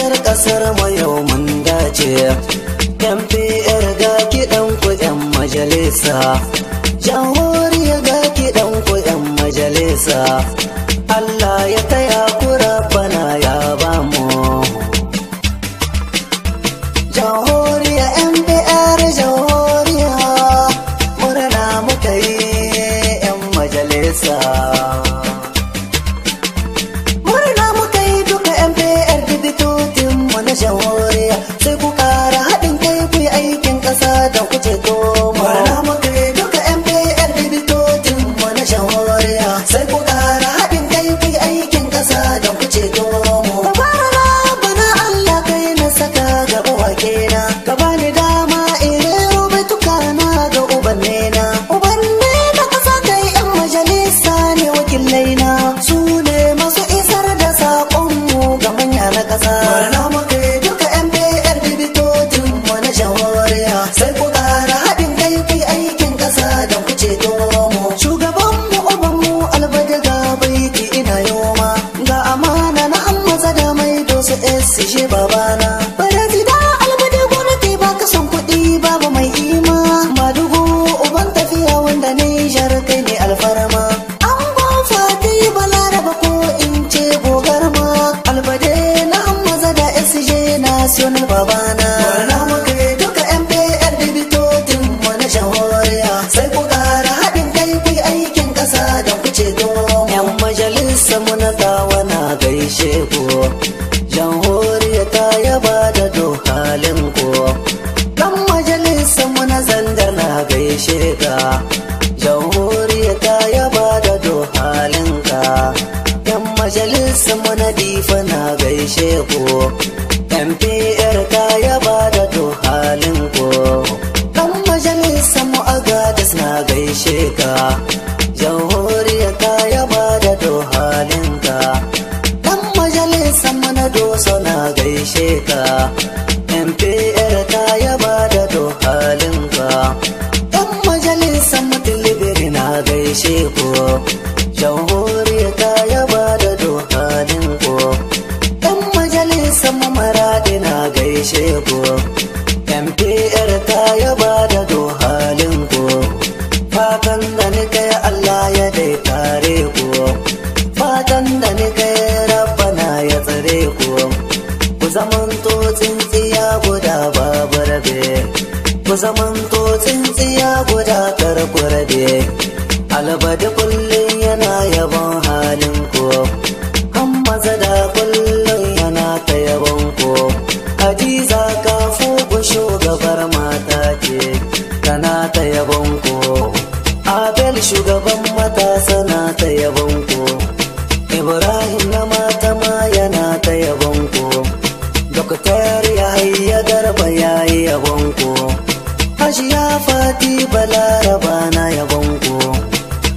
jar kasar yau mun dace yan fiyar ga kiɗan ku majalisa jamhuriya ga kiɗan ku majalisa Allah ya taya kura bana ya ba mu jamhuriya yan biyar jamhuriya murna muka yi yan majalisa I want da halinka jamhuriya ta yaba da dohalinka dan majalisar mana dosa na gaishe ka zamanto tsintsiya guda babu rabe ku zamanto tsintsiya guda karku rabe albadi kullum yana yabon halin ku kan maza da kullum yana ta yabon ku hadiza kafu ku shugabar mata ce tana ta yabon ku abel shugaban matasa na ta yabon muktar ya hayya garba ya yi yabon ko fati balaraba na yabon ko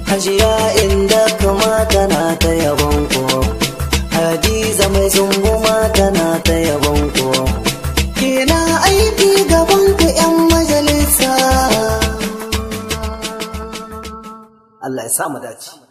hajiya inda kamata na ta yabonko, hadiza mai zunguma tana ta yabonko. ko kina aiki gaban ku yan majalisa Allah ya sa mu dace